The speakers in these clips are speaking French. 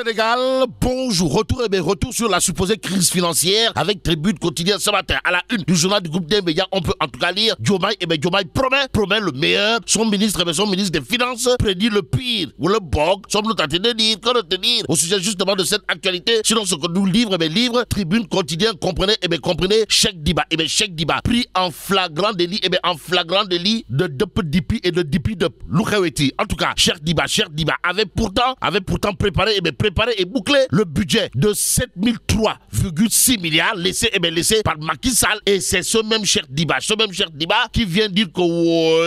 Sénégal, bonjour. Retour et eh bien retour sur la supposée crise financière avec tribune Quotidien ce matin. À la une du journal du groupe des médias, on peut en tout cas lire Diomaye, et eh bien promet, promet le meilleur. Son ministre, et eh son ministre des Finances prédit le pire. Ou le bog, sommes-nous tentés de dire, que de tenir au sujet justement de cette actualité. Sinon, ce que nous livre, et bien livre, tribune quotidienne, comprenez, et bien comprenez, chèque Diba, et bien chèque Diba, pris en flagrant délit, et bien en flagrant délit de Dup Dipi et de Dipi de Loukaweti. En tout cas, chèque Diba, chèque Diba avait pourtant, avait pourtant préparé, et bien préparé préparer et boucler le budget de 7003,6 milliards laissé, et eh bien, laissé par Macky Sall. Et c'est ce même cher Diba, ce même cher Diba qui vient dire que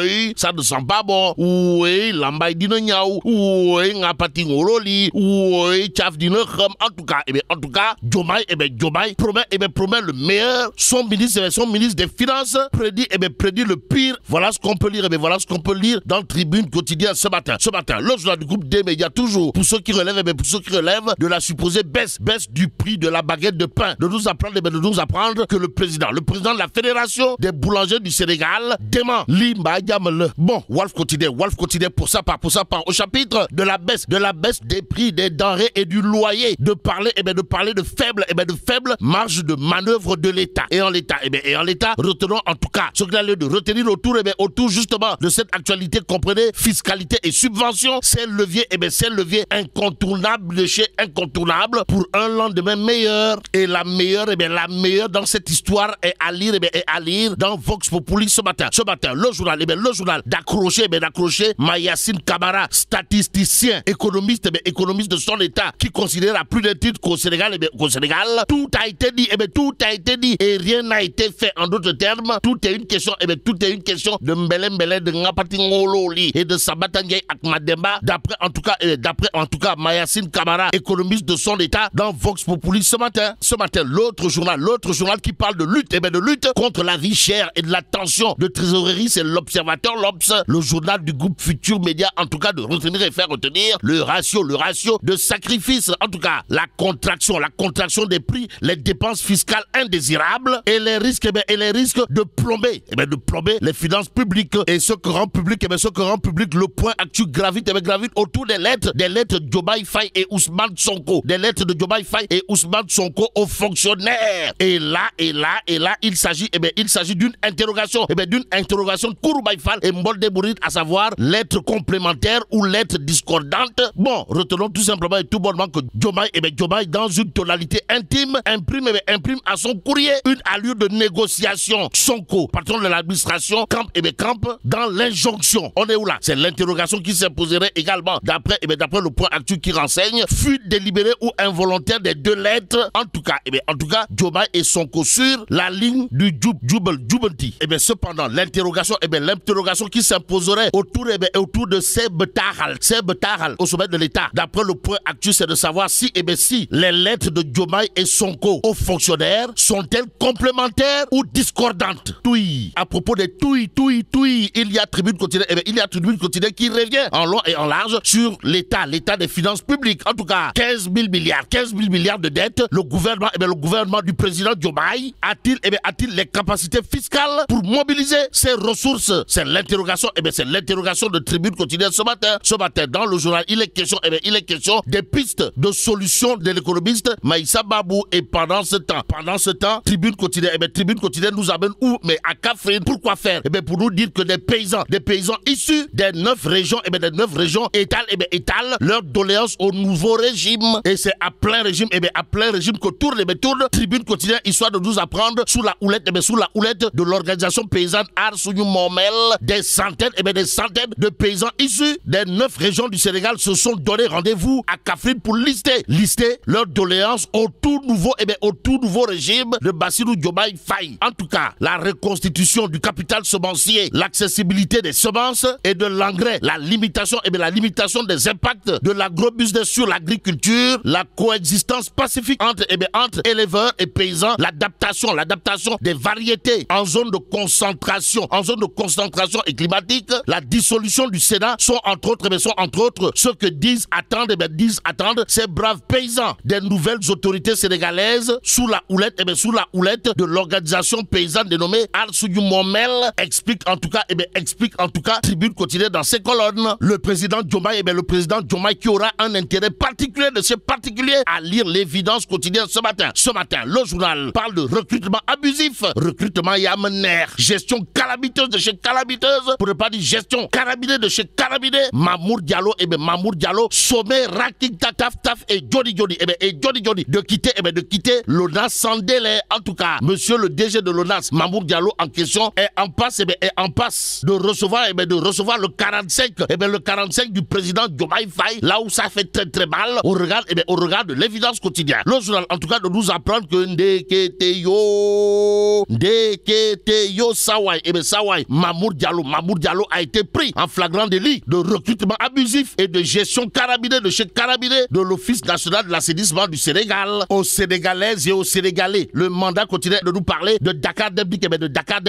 oui, ça ne sent pas bon. Oui, l'ambaye dino ouais Oui, ngapati ngoroli. Oui, tchaf dino En tout cas, et eh bien, en tout cas, Jomai, et eh bien, Jomai promet, et bien, promet le meilleur. Son ministre, son ministre des Finances prédit, et bien, prédit le pire. Voilà ce qu'on peut lire, et bien, voilà ce qu'on peut lire dans le tribune quotidien ce matin. Ce matin, le journal du groupe des médias, toujours. Pour ceux qui relèvent, eh pour ceux qui relève de la supposée baisse, baisse du prix de la baguette de pain. De nous apprendre, eh de nous apprendre que le président, le président de la Fédération des boulangers du Sénégal, dément Limba le Bon, Wolf quotidien, Wolf quotidien pour ça part, pour ça part Au chapitre de la baisse, de la baisse des prix des denrées et du loyer, de parler, et eh bien de parler de faible, et eh de faible marge de manœuvre de l'État. Et en l'État, et et en l'État, retenons en tout cas ce que a de retenir autour, et bien autour justement de cette actualité, comprenez, fiscalité et subvention, c'est le levier, et bien c'est le levier incontournable incontournable pour un lendemain meilleur. Et la meilleure, et eh bien la meilleure dans cette histoire est à lire, et eh bien est à lire dans Vox Populi ce matin. Ce matin, le journal, et eh bien le journal d'accrocher, bien d'accrocher Mayassine Kamara, statisticien, économiste, bien économiste de son état, qui considère à plus de titres qu'au Sénégal, et bien qu'au Sénégal, tout a été dit, et bien tout a été dit et rien n'a été fait. En d'autres termes, tout est une question, et bien tout est une question de Mbele Mbele, de Ngapati Ngololi et de Sabatangay Akmademba, d'après en tout cas, et d'après en tout cas Mayassine Kamara économiste de son État, dans Vox Populi ce matin. Ce matin, l'autre journal, l'autre journal qui parle de lutte, et eh bien de lutte contre la vie chère et de la tension de trésorerie, c'est l'Observateur, l'Obs, le journal du groupe Futur Média, en tout cas de retenir et faire retenir le ratio, le ratio de sacrifice, en tout cas la contraction, la contraction des prix, les dépenses fiscales indésirables et les risques, eh bien, et les risques de plomber, et eh bien, de plomber les finances publiques et ce que rend public, et eh bien, ce que rend public le point actuel gravite, eh bien, gravite autour des lettres, des lettres Jobay Faye et où Ousmane Sonko, des lettres de Jobai Faye et Ousmane Sonko aux fonctionnaires. Et là, et là, et là, il s'agit, eh bien, il s'agit d'une interrogation, eh bien, d'une interrogation courbe Faye et Mbolde à savoir Lettre complémentaire... ou lettre discordante... Bon, retenons tout simplement et tout bonnement que Jobai eh bien, dans une tonalité intime, imprime, eh bien, imprime à son courrier une allure de négociation. Sonko, patron de l'administration, camp, eh camp dans l'injonction. On est où là C'est l'interrogation qui s'imposerait également d'après, eh ben d'après le point actuel qui renseigne fut délibéré ou involontaire des deux lettres. En tout cas, eh bien, en tout cas, et Sonko sur la ligne du Jubel Djoubel, Eh bien, cependant, l'interrogation, eh bien, l'interrogation qui s'imposerait autour, eh autour de Seb Taral, au sommet de l'État. D'après le point actuel, c'est de savoir si, eh bien, si les lettres de Jomai et Sonko aux fonctionnaires sont-elles complémentaires ou discordantes. Toui. À propos des toui, toui, toui, il y a tribune quotidienne, eh bien, il y a tribune quotidienne qui revient en long et en large sur l'État, l'État des finances publiques. En tout 15 000 milliards, 15 milliards de dettes, le gouvernement, et eh bien, le gouvernement du président Diomaye a-t-il, et eh bien, a-t-il les capacités fiscales pour mobiliser ces ressources C'est l'interrogation, et eh bien, c'est l'interrogation de Tribune quotidienne ce matin. Ce matin, dans le journal, il est question, et bien, il est question des pistes de solutions de l'économiste Maïssa Babou. Et pendant ce temps, pendant ce temps, Tribune quotidienne, et bien, Tribune quotidienne nous amène où Mais à Cafrine. Pourquoi faire Et bien, pour nous dire que des paysans, des paysans issus des neuf régions, et bien, des neuf régions étalent, et bien, étalent leur doléance au régime. Et c'est à plein régime, et eh bien à plein régime que tourne et eh bien tourne. Tribune quotidienne, histoire de nous apprendre sous la houlette, et eh bien sous la houlette de l'organisation paysanne Arsouniou Momel. Des centaines, et bien des centaines de paysans issus des neuf régions du Sénégal se sont donné rendez-vous à Kafrine pour lister, lister leurs doléances au tout nouveau, et bien au tout nouveau régime de Bassirou Diomaye Faye. En tout cas, la reconstitution du capital semencier, l'accessibilité des semences et de l'engrais, la limitation, et bien la limitation des impacts de l'agrobusiness sur la l'agriculture, la coexistence pacifique entre, eh entre éleveurs et paysans, l'adaptation, l'adaptation des variétés en zone de concentration, en zone de concentration et climatique, la dissolution du Sénat sont entre autres, eh entre autres ce que disent attendre, eh disent attendre ces braves paysans des nouvelles autorités sénégalaises sous la houlette, sous la houlette de l'organisation paysanne dénommée Al Momel explique en tout cas, explique en tout cas Tribune quotidienne dans ses colonnes. Le président Diomaye, le président Diomaye qui aura un intérêt particulier de ces particuliers à lire l'évidence quotidienne ce matin. Ce matin, le journal parle de recrutement abusif, recrutement yamener, gestion calamiteuse de chez calamiteuse, pour ne pas dire gestion carabinée de chez carabinée. Mamour Diallo, et eh bien Mamour Diallo, sommet Raking Tataf Taf et Johnny Johnny, eh bien, et Johnny Johnny, de quitter, eh bien, de quitter l'ONAS sans délai. En tout cas, monsieur le DG de l'ONAS, Mamour Diallo en question, est en passe, eh bien, est en passe de recevoir, eh bien, de recevoir le 45, eh bien, le 45 du président Jomai Faye, là où ça fait très très mal au regard, eh au regard de l'évidence quotidienne. Le journal, en tout cas, de nous apprendre que Ndeketeyo, Ndeketeyo Sawai, eh bien, Sawai, Mamour Diallo, Mamour Diallo a été pris en flagrant délit de recrutement abusif et de gestion carabinée de chez carabinée de l'Office national de l'assainissement du Sénégal aux Sénégalaises et aux Sénégalais. Le mandat continue de nous parler de Dakar Debdik, eh de Dakar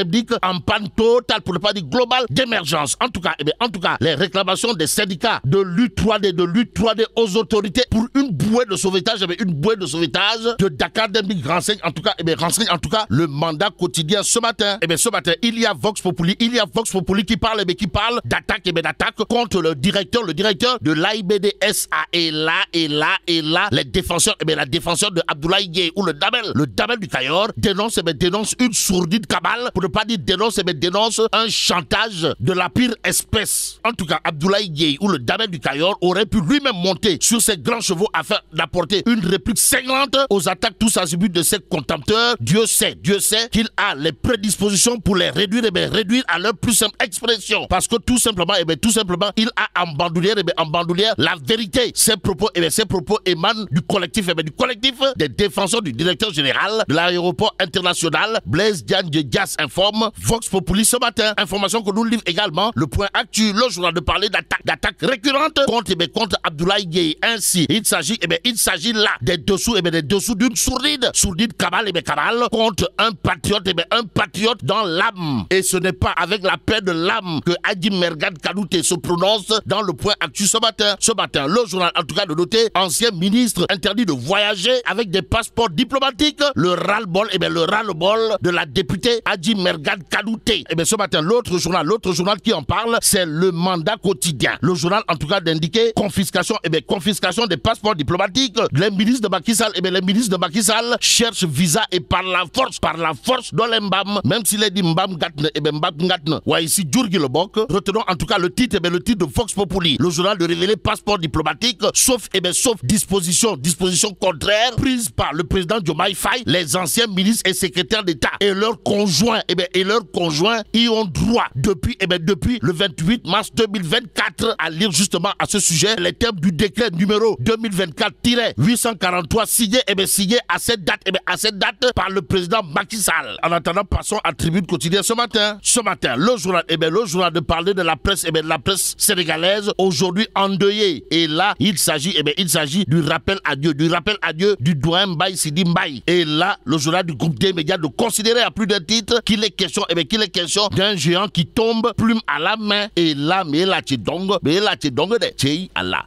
en panne totale, pour ne pas dire globale, d'émergence. En tout cas, eh en tout cas, les réclamations des syndicats de l'U3D, de l'U3D aux autres pour une bouée de sauvetage, j'avais eh une bouée de sauvetage de Dakar renseigne en tout cas, et eh bien, renseigne en tout cas le mandat quotidien ce matin. et eh bien, ce matin, il y a Vox Populi, il y a Vox Populi qui parle, et qui parle d'attaque, et bien, d'attaque contre le directeur, le directeur de l'AIBDSA. Et là, et là, et là, les défenseurs, et bien, la défenseur de Abdoulaye Gueye ou le Damel, le Damel du Cayor dénonce, et bien, dénonce une sourdine cabale, pour ne pas dire dénonce, et bien, dénonce un chantage de la pire espèce. En tout cas, Abdoulaye Gueye ou le Damel du Cayor aurait pu lui-même monter sur ses grands chevaux afin d'apporter une réplique cinglante aux attaques tous azimuts de ses contempteurs. Dieu sait, Dieu sait qu'il a les prédispositions pour les réduire et eh réduire à leur plus simple expression. Parce que tout simplement, et eh bien tout simplement, il a en bandoulière, et eh bien en bandoulière, la vérité. Ses propos, et ses propos émanent du collectif, et bien du collectif des défenseurs du directeur général de l'aéroport international. Blaise Diane de Gas informe Vox Populi ce matin. Information que nous livre également le point actuel, le journal de parler d'attaques, d'attaques récurrentes contre, et contre Abdoulaye Gueye ainsi. Il s'agit, eh bien, il s'agit là des dessous, eh bien, des dessous d'une sourdine, sourdine cabale, eh bien, cabale, contre un patriote, eh bien, un patriote dans l'âme. Et ce n'est pas avec la paix de l'âme que Adi Mergad Kanouté se prononce dans le point actuel ce matin. Ce matin, le journal, en tout cas, de noter, ancien ministre interdit de voyager avec des passeports diplomatiques, le ras-le-bol, eh bien, le ras-le-bol de la députée Adi Mergad Kanouté. Eh bien, ce matin, l'autre journal, l'autre journal qui en parle, c'est le mandat quotidien. Le journal, en tout cas, d'indiquer confiscation, eh bien, confiscation des passeports diplomatiques. Les ministres de Macky et eh bien les ministres de Makissal cherchent visa et par la force, par la force dans les même s'il est dit Mbam Gatne, et eh bien Mbam Gatne. Ouais, ici, Djurgi le Bok. Retenons en tout cas le titre, et eh bien le titre de Fox Populi. Le journal de révéler passeport diplomatique, sauf, et bien sauf disposition, disposition contraire prise par le président Jomai Faye, les anciens ministres et secrétaires d'État et leurs conjoints, et bien et leurs conjoints y ont droit depuis, et bien depuis le 28 mars 2024 à lire justement à ce sujet les termes du décret numéro 2024-843 signé et eh signé à cette date et eh à cette date par le président Macky Sall. En attendant, passons à Tribune quotidienne ce matin. Ce matin, le journal et eh bien le journal de parler de la presse et bien de la presse sénégalaise aujourd'hui endeuillée. Et là, il s'agit et bien il s'agit du rappel à Dieu, du rappel à Dieu du doyen Mbaye Sidi Et là, le journal du groupe des médias de considérer à plus d'un titre qu'il est question et bien qu'il est question d'un géant qui tombe plume à la main. Et là, mais là, tu donc, mais là, tu donc es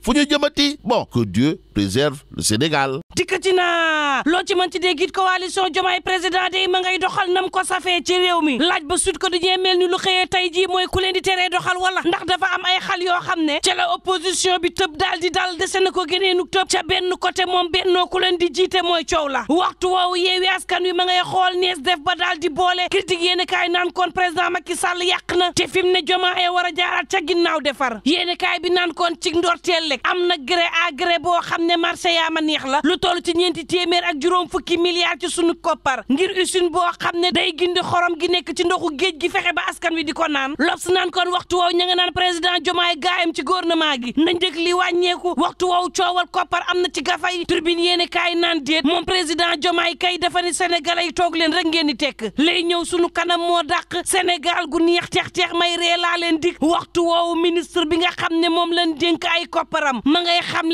Faut Bon, que Dieu préserve le Sénégal. dikkati naa loo ci mën ci dégg it coalition Diomaye président day ma ngay doxal nam ko safee ci réew mi laaj ba sut ko du ñee mel ni lu xëyee tey jii mooy ku leen di teree doxal wala ndax dafa am ay xal yoo xam ne ca la opposition bi tëb daal di daal dese na ko géneenu tëb ca benn côté moom bennoo ku leen di jiite mooy coow la waxtu woowu yeewi askan wi ma ngay xool nees def ba daal di boole critique yéen kaay naan koon président Macky Sall yàq na te fi mu ne a jaaraat ca ginnaaw defar bi naan kon ci ndorteel lek am na gré à gré boo ne marché yaa neex la lu toll ci ñeenti téeméer ak juróom fukki milliards ci sunu koppar ngir usine boo xam ne day gindi xorom gi nekk ci ndoxu géej gi fexe ba askan wi di ko naan lobs naan kon waxtu woow ña nga naan président Diomaye gaayam ci gouvernement gi na njëg li wàññeeku waxtu woow coowal koppar am na ci gafay turbine yéene kaay naan déet moom président Diomaye kay dafa ni sénégalais yi toog leen rek ngeen di tekk lay ñëw sunu kanam moo dàq sénégal gu neex teex-teex may ree leen dik waxtu woowu ministre bi nga xam ne moom lañ dénk ay kopparam ma ngay xam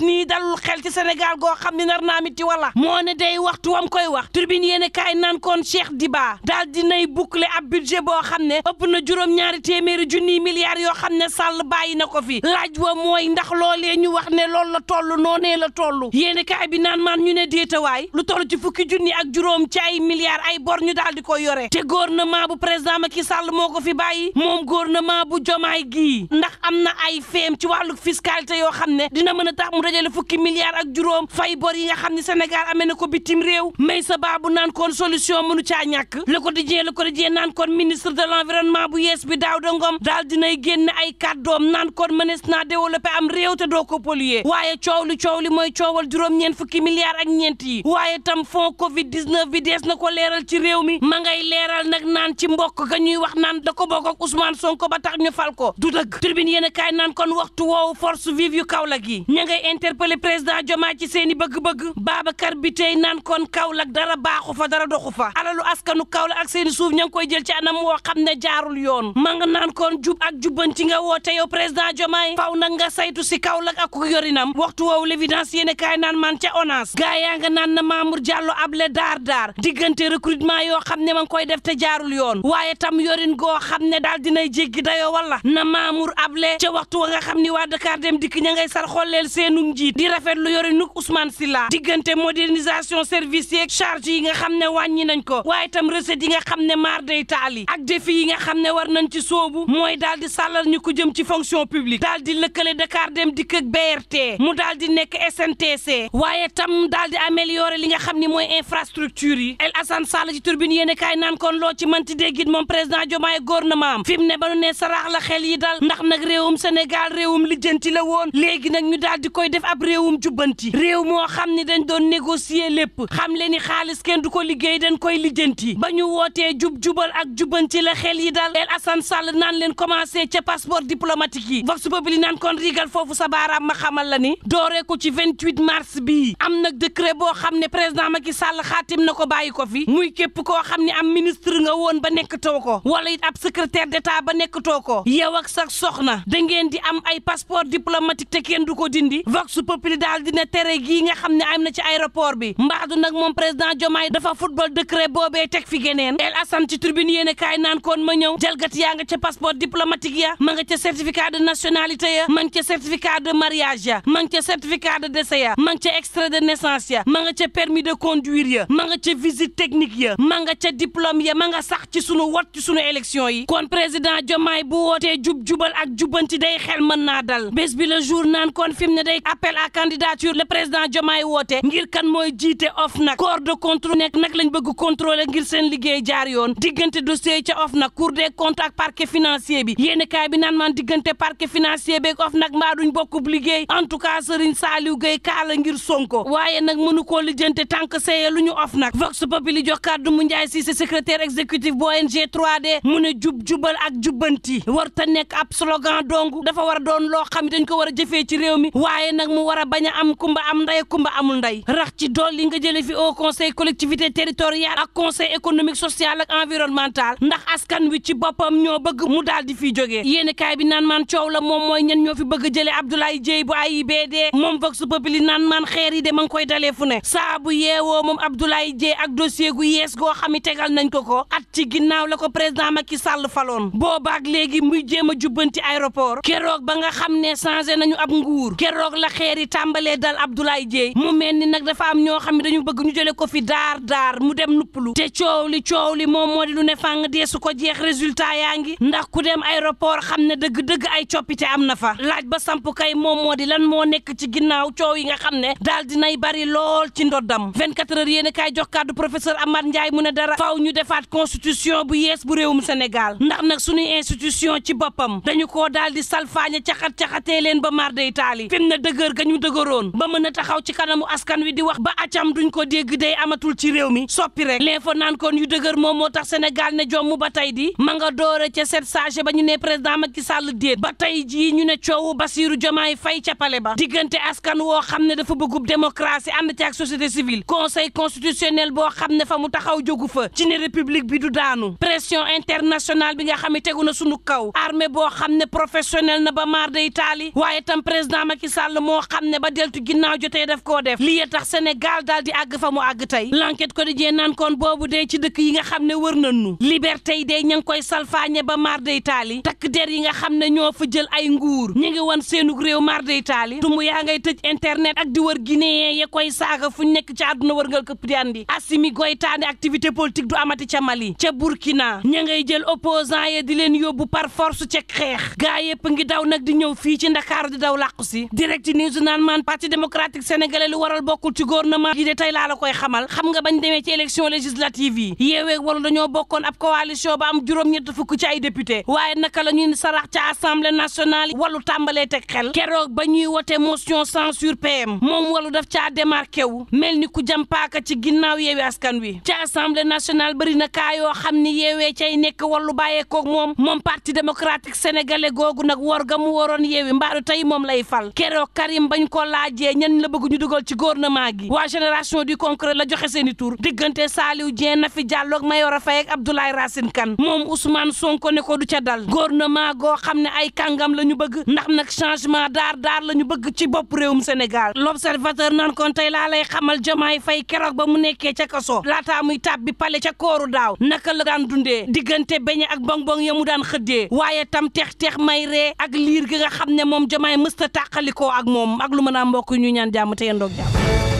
nii dalul xel ci senegal goo xam ne nar naa miti walla moo ne day waxtu wam koy wax tribune yéen kaay naan koon Cheikh Diba daal dinay boucler ab budget boo xam ne ëpp na juróom-ñaari téeméeri junniy milliards yoo xam ne Sall bàyyi na ko fi laaj wa mooy ndax loolee ñu wax ne loolu la toll noonee la toll yéen kaay bi naan maan ñu ne déetawaay lu toll ci fukki junni ak juróom ci ay milliards ay bor ñu daal di ko yore te gouvernement bu président Macky Sall moo ko fi bàyyi moom gouvernement bu jomaay gii ndax am na ay feem ci wàllu fiscalité yoo xam ne dina mën a tax dajale fukki milliards ak juróom fay bor yi nga xam ne Sénégal amee na ko bitim réew may sa baabu naan koon solution mënu caa ñàkk Le jee Le Quotidien naan koon ministre de l'environnement bu yees bi Daouda Ngom daal dinay génn ay kàddoom naan koon mënees naa développé am réew te doo ko polluer waaye coow li coow li mooy coowal juróom ñeen fukki milliards ak ñeent yi waaye tam fond Covid 19 bi dees na ko leeral ci réew mi ma ngay leeral nag naan ci mbokk ga ñuy wax naan ko bokk ak Ousmane Sonko ba tax ñu fal ko du dëgg tribune yéen a naan kon waxtu woowu force vive interpellé président Diomaye ci seen i bëgg-bëgg bi kon kaulak dara baxu fa dara doxu fa alalu askanu Kaolack ak seni souf ñang koy jël ci anam woo xamne jaarul yoon ma nga nan kon djub ak jubbanti nga wote yow président Diomaye faaw na nga saytu si kaulak ak ku yorinam waxtu woowu l'évidence yene kay nan man ci ONAS gaay ya nga nan na Mamour Diallo able dar dar digënté recrutement yo xamne ma ngi koy def te jaarul yoon waye tam yorin go xamne dal dina jéggi dayo wala na Mamour able ci waxtu wa nga xamni wa Dakar dem dik ñay sal sar seen yorinug njiit di rafetlu yorinug Ousmane Sylla diggante modernisation service yeeg charge yi nga xam ne wàññi nañ ko waaye itam recette yi nga xam ne maar day yi nga xam ne war nañ ci soobu mooy daal di sàllal ñu ko jëm ci fonction publique daal di lëkkale Dakar dem dikk ak BRT mu daal di nekk SNTC waaye tam daal di améliorer li nga xam ni mooy infrastructure yi El Assane Sall ci turbine yéene kaay naan kon loo ci mënti déggit moom président Diomaye gouvernement am fi mu ne ba nu la xel yi dal ndax nag réewum Sénégal réewum lijjanti la koy def ab réewum jubbanti réew moo xam ni dañ doon négocier lépp xam leen ni xaalis kenn du ko liggéey dañ koy lijjanti ba ñu wootee jub-jubal ak jubbanti la xel yi dal El Assane Sall naan leen commencé ca passeport diplomatique yi vox populi naan kon rigal foofu sa baaraam ma xamal la ni dooree ko ci 28 mars bii am nag décret boo xam ne président Macky Sall xaatim na ko bàyyi ko fi muy képp koo xam ne am ministre nga woon ba nekk too ko wala it ab secrétaire d'état ba nekk ko yow ak sa soxna da ngeen di am ay passeport diplomatique te kenn du ko dindi vox populi daal dina tere gii nga xam ne am na ci aéroport bi mbaadu nag moom président Diomaye dafa football décret boobee teg fi geneen El Assane ci tribune yéene kaay naan koon ma ñëw jalgati yaa nga ca passeport diplomatique ya ma nga ca certificat de nationalité ya ma nga ca certificat de mariage ya ma nga ca certificat de décès ya ma nga ca extrait de naissance ya ma nga ca permis de conduire ya ma nga ca visite technique ya ma nga ca diplôme ya ma nga sax ci sunu wot ci sunu yi kon président Diomaye bu wootee jub jubal ak jubanti day xel mën naa dal bi le jour naan kon fi mu appel à candidature le président Diomaye woote ngir kan mooy jiite OFNAC corps de contrôle nekk nag lañ bëgg contrôler ngir seen liggéey jaar yoon diggante dossier ca OFNAC cour des comptes ak parquet financier bi yéeni kaay bi naan man diggante parquet financier bi ak OFNAC mbaa duñ bokkub liggéey en tout cas Serigne Saliou Gueye kaala ngir Sonko waaye nag mënu koo lijjante tànk saye lu ñu OFNAC Vox Populi jox kàddu mu Ndiaye Cissé secrétaire exécutif bu ONG 3D mu ne jub jubal ak jubbanti war ta nekk ab slogan dong dafa war a doon loo xam dañ ko war a jëfee ci réew mi waaye nag mu war a bañ a am kumba am nday kumba amul nday rax ci dolli nga jëlee fi o conseil collectivité territoriale ak conseil économique social ak environnemental ndax askan wi ci boppam ñoo bëgg mu daal di fi jógee yéen kaay bi naan maan coow la moom mooy ñen ñoo fi bëgg jëlee Abdoulaye Dieye bu AIBD moom Vox Populi naan maan xeer yi de ma ngi koy dalee fu ne saa bu yeewoo moom Abdoulaye Dieye ak dossier gu yees goo xam ne tegal nañ ko ko at ci ginnaaw la ko président Macky Sall faloon boobaak léegi muy jéem a jubbanti aéroport keroog ba nga xam ne changé nañu ab nguur keroog da xeer yi tàmbalee dal Abdoulaye Dieye mu mel ni nag dafa am ñoo xam ne dañu bëgg ñu jële ko fi daar daar mu dem nuppalu te coow li coow li moom moo di lu ne fàng dee su ko jeex résultat yaa ngi ndax ku dem aéroport xam ne dëgg-dëgg ay coppite am na fa laaj ba samp kay moom moo di lan moo nekk ci ginnaaw coow yi nga xam ne daal dinay bari lool ci ndoddam 24 heures yéen a kaay jox kàddu professeur Amath Ndiaye mu ne dara faw ñu defaat constitution bu yees bu réewum Sénégal ndax nag suñuy institution ci boppam dañu koo daal di dëgër ga ñu dëgëroon ba mën a taxaw ci kanamu askan wi di wax ba acam duñ ko moom moo tax Sénégal ne jomm ba tey di ma nga doore sage ba ñu ne président Macky Sall déet ba tey jii ñu ne coowu Bassirou Diomaye Faye ca pale ba diggante askan woo xam ne dafa bëggub démocratie ànd ci ak société civile conseil constitutionnel boo xam ne fa mu taxaw jógu fa ci ne république bi du daanu pression internationale bi nga xam ne tegu na sunu kaw armée boo xam ne professionnel na ba maar day taali waaye tam président Macky moo xam ne ba deltu ginnaaw jotee def koo def lii tax Sénégal daal di àgg fa mu àgg tey ko l'enquête jee naan kon boobu dee ci dëkk yi nga xam ne wër nañu liberté yi day ña ngi koy salfaañe ba mar day taali takk der yi nga xam ne ñoo fa jël ay nguur ñu ngi wan seenug réew mar day taali du mu yaa ngay tëj internet ak di wër guinéen ya koy saaka fu nekk ci àdduna nga këpp di andi Assimi Goïta activité politique du amati ca Mali ca Burkina ña ngay jël opposant di leen yóbbu par force ca xeex gaa yëpp ngi daw nag di ñëw fii ci Ndakaaru daw làqu direct news naan maan parti démocratique sénégalais lu waral bokkul ci gouvernement gi de tey laa la koy xamal xam nga bañ demee ci élection législative yi yeewee walu dañoo bokkoon ab coalition ba am juróom-ñett fukk ci ay député waaye naka ñu ñuy sarax ca assemblée nationale wallu tàmbalee teg xel keroog ba ñuy wote motion censure PM moom walu daf caa démarqué wu mel ni ku jam ci ginnaaw yeewi askan wi ci assemblée nationale bëri na kaa yoo xam ni yeewee cay nekk walu bàyyeekoog moom moom parti démocratique sénégalais googu nag war ga mu waroon yeewi mbaaru tey moom lay fal keroog Karim bañ ko laajee ñan la bëgg ñu dugal ci gouvernement gi waa génération di concret la joxe seen i tur diggante Saliou Dieng Nafi Diallo ak Mayoro Faye ak Abdoulaye Racine Kane moom Ousmane ko ne ko du ca dal gouvernement goo xam ne ay kàngam la ñu bëgg ndax nag changement daar daar la ñu bëgg ci bopp réewum Sénégal l'observateur nan kon tey laa lay xamal Diomaye fay keroog ba mu nekkee ca kaso laataa muy tàbbi pale ca kooru daaw naka la daan dundee diggante beñe ak bonbon ya mu daan xëddee waaye tam teex teex may ree ak liir gi nga xam ne moom Diomaye mësta tàqalikoo ak moom mag lu mën a mbokk ñu ñaan jàmm te yendoog jàmm